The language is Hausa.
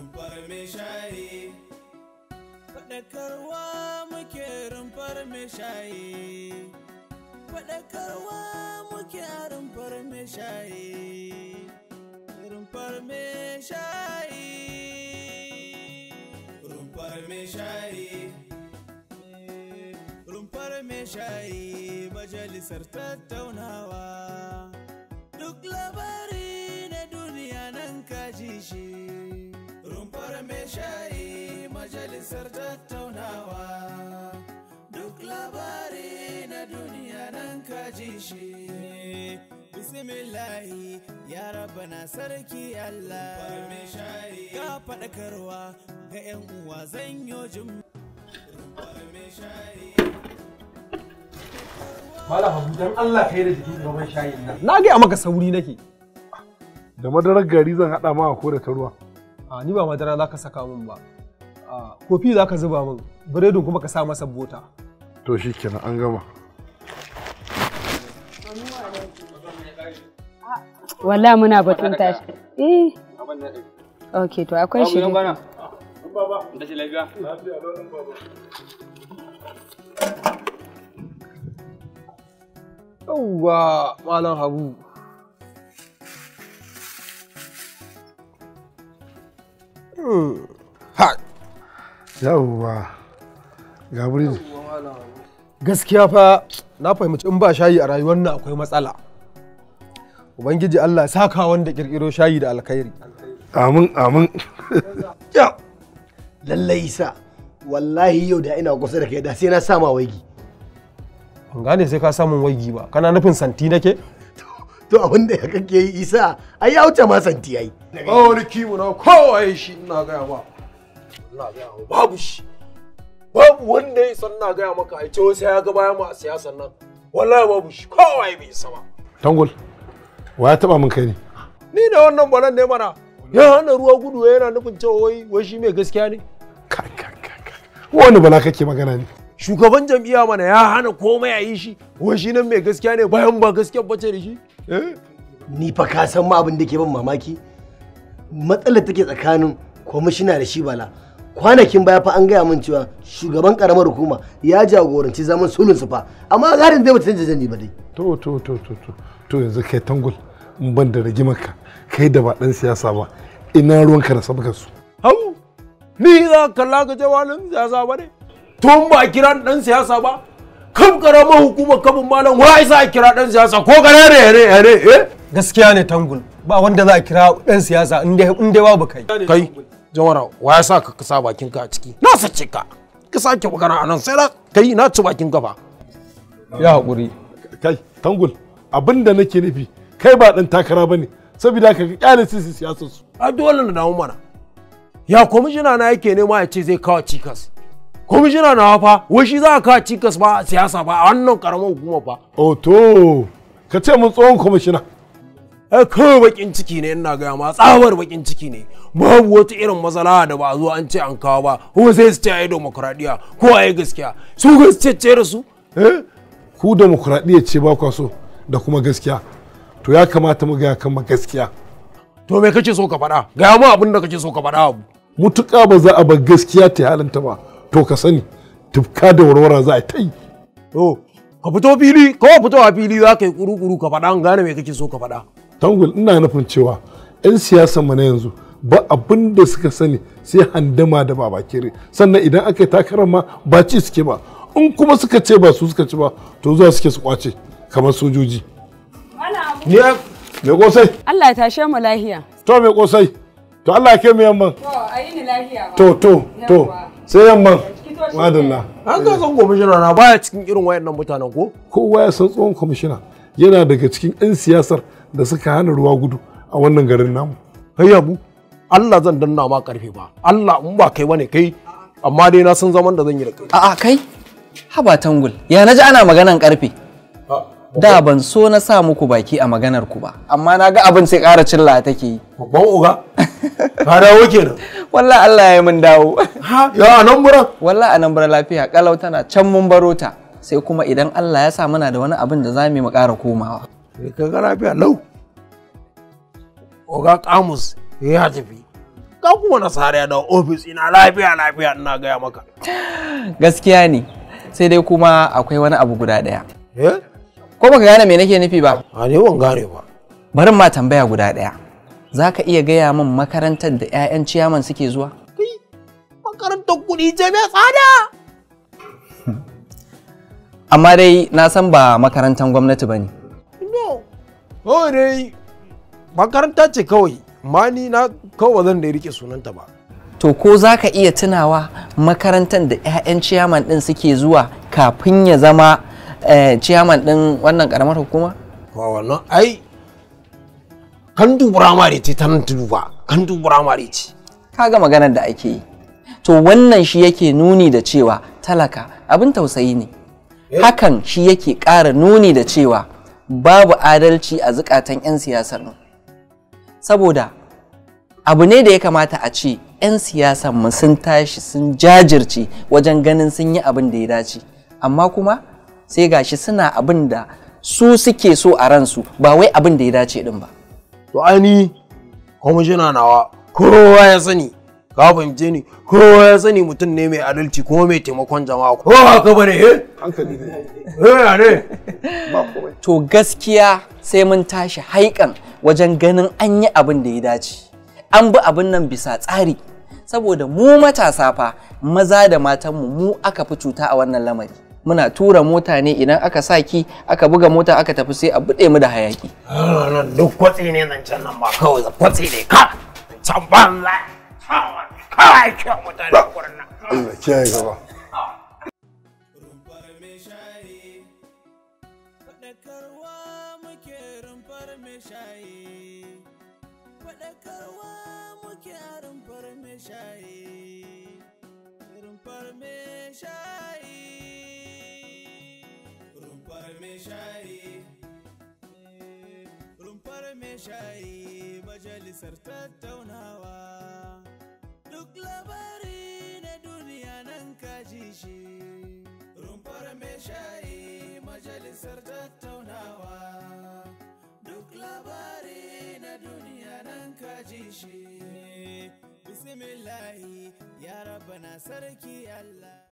rumfar mai shayi faɗakarwa muke rumfar mai shayi faɗakarwa muke rumfar mai shayi rumfar mai shayi rumfar mai shayi rumfar mai shayi majalisar tattaunawa duk labari na duniya nan kaji shi kasar tattaunawa duk labari na duniya nan ka ji shi bismillahi ya rabana sarki Allah ka faɗakarwa ga 'yan uwa zan yi jin Malam Habu dan Allah kai da jikin gaban shayin nan. Na gaya maka sauri nake. Da madarar gari zan haɗa ma a kore ta ruwa. ni ba madara za ka saka min ba. kofi za ka zuba min biredin kuma ka sa masa bota to shi kenan an gama Wala muna batun tashi eh ok to akwai shi Da shi lafiya. Lafiya yauwa malam habu Hmm. yawwa gabriel gaskiya fa na fahimci in ba shayi a rayuwar nan akwai matsala ubangiji allah saka wanda kirkiro shayi da alkhairi amin amin lallai isa wallahi yau da ina kusa da kai da sai na sama waigi ban gane sai ka samun waigi ba kana nufin santi nake to abin da kake yi isa ai ya wuce ma santi yayi ba wani kiwo na kowa shi ina gaya ba na gaya maka babu shi babu wanda ya san na gaya maka a ce wasu ya ga bayan mu a siyasan nan wallahi babu shi kawai bai isa ba tangul wa ya taba min kai ne ni da wannan balan ne mana ya hana ruwa gudu yana nufin cewa wai wai shi mai gaskiya ne wani bala kake magana ne shugaban jam'iyya mana ya hana komai a yi shi wai shi nan mai gaskiya ne bayan ba gaskiya bace da shi eh? ni fa ka san ma abin da ke ban mamaki matsalar take tsakanin kwamishina da shi bala kwanakin baya fa an gaya min cewa shugaban karamar hukuma ya jagoranci zaman sulhun su fa amma garin zai mutunta jani ba dai to to to to to to yanzu kai tangul in ban da rigimarka kai da ba dan siyasa ba ina ruwan ka da sabkar su hau ni za ka kalla ka jawalin siyasa ba ne tun ba a kira dan siyasa ba kan karamar hukuma kabin malam wa isa a kira dan siyasa ko re re re eh gaskiya ne tangul ba wanda za a kira dan siyasa in dai babu kai kai jawara wa ya sa ka kasa bakin ka a ciki na sace ka ka sake magana a nan sai na kai na ci bakin ka ya haƙuri kai tangul abin da nake nufi kai ba dan takara bane saboda ka kyale sisi siyasar su a dole na dawo mana ya kwamishina na yake nema ya ce zai kawo cikas kwamishina na fa wai shi za a kawo cikas ba a siyasa ba a wannan karamar hukuma ba oto ka ce mun tsohon kwamishina Eh, ko bakin ciki ne ina gaya ma tsabar bakin ciki ne babu wata irin matsala da ba a zo an ce an kawo ba kuma sai su ce ai demokradiya ko ai gaskiya su gaskiya da su eh ku demokradiya ce ba kwa so da kuma gaskiya to ya kamata mu gaya kan gaskiya to me kake so ka faɗa gaya mu abin da kake so ka faɗa abu mutuka ba za a bar gaskiya ta halanta ba to ka sani tufka da warwara za a ta yi to ka fito fili ko fito a fili za ka yi kuru-kuru ka faɗa an gane me kake so ka faɗa tangul ina nufin cewa 'yan siyasa mu na yanzu ba abin da suka sani sai handama da bakire sannan idan aka yi takarar ma ba ci suke ba in kuma suka ce ba su suka ci ba to zuwa suke su kwace kamar sojoji ni mai kosai Allah ya tashe mu lahiya to mai kosai to Allah ya kai mu yamman to ayi ni lahiya to to to sai yamman madalla an ga tsohon kwamishina na baya cikin irin wayannan mutanen ko kowa ya san tsohon kwamishina yana daga cikin 'yan siyasar da suka hana ruwa gudu a wannan garin namu kai abu Allah zan danna ma karfe ba Allah in ba kai bane kai amma dai na san zaman da zan yi da kai a'a kai haba tangul ya naji ana maganan karfe ah, da ban so na sa muku baki a maganar ku ba amma na ga abin sai ƙara cilla take yi babban uga ka dawo kenan wallahi Allah ya mun dawo ha ya anan bura wallahi anan bura lafiya kalau tana can mun baro ta sai kuma idan Allah ya sa muna da wani abin da za mu ƙara komawa Eh, ka ga lafiya lau oga kamus eh, ya tafi ka kuma nasara da ofis ina lafiya lafiya ina gaya maka gaskiya ne sai dai kuma akwai wani abu guda daya eh? ko baka gane me nake nufi ba a ne ban gane ba barin ma tambaya guda daya za ka iya gaya min makarantar da 'ya'yan ciyaman suke zuwa makarantar kuɗi jami'a tsada amma dai na san ba makarantar gwamnati ba ne kawai dai makaranta ce kawai ma ni na kawai zan da rike sunanta ba to ko za ka iya tunawa makarantar da 'ya'yan ciyaman din suke zuwa kafin ya zama eh, ciyaman din wannan karamar hukuma ba wannan ai kan dubu ramari ce ta nan duba kan dubu ramari ce kaga maganar da ake yi to wannan shi yake nuni da cewa talaka abin tausayi ne eh. hakan shi yake ƙara nuni da cewa babu adalci a zukatan 'yan siyasar nan saboda abu ne da ya kamata a ce 'yan siyasar mu sun tashi sun jajirce wajen ganin sun yi abin da ya dace amma kuma sai gashi suna abin da su suke so a ransu ba wai abin da ya dace din ba to ani kwamishina nawa kowa ya sani ka fahimce ni kowa ya sani mutum ne mai adalci kuma mai taimakon jama'a ko ka bane eh hankali ne eh ne ba komai to gaskiya sai mun tashi haikan wajen ganin an yi abin da ya dace an bi abin nan bisa tsari saboda mu matasa fa maza da matanmu mu aka fi cuta a wannan lamari muna tura mota ne idan aka sa ki aka buga mota aka tafi sai a buɗe mu da hayaki. Ah, duk kwatsi ne zancen nan ba kawai kwatsi ne ka can kai kyau mutane gurin Allah kiyaye gaba faɗakarwa muke a rumfar mai shayi rumfar mai shayi rumfar mai shayi rumfar mai shayi majalisar tattaunawa Duk labari na duniya nan ka ji shi. Rumfar mai shayi majalisar tattaunawa. Duk labari na duniya nan ka ji shi. Bismillahi ya sarki Allah.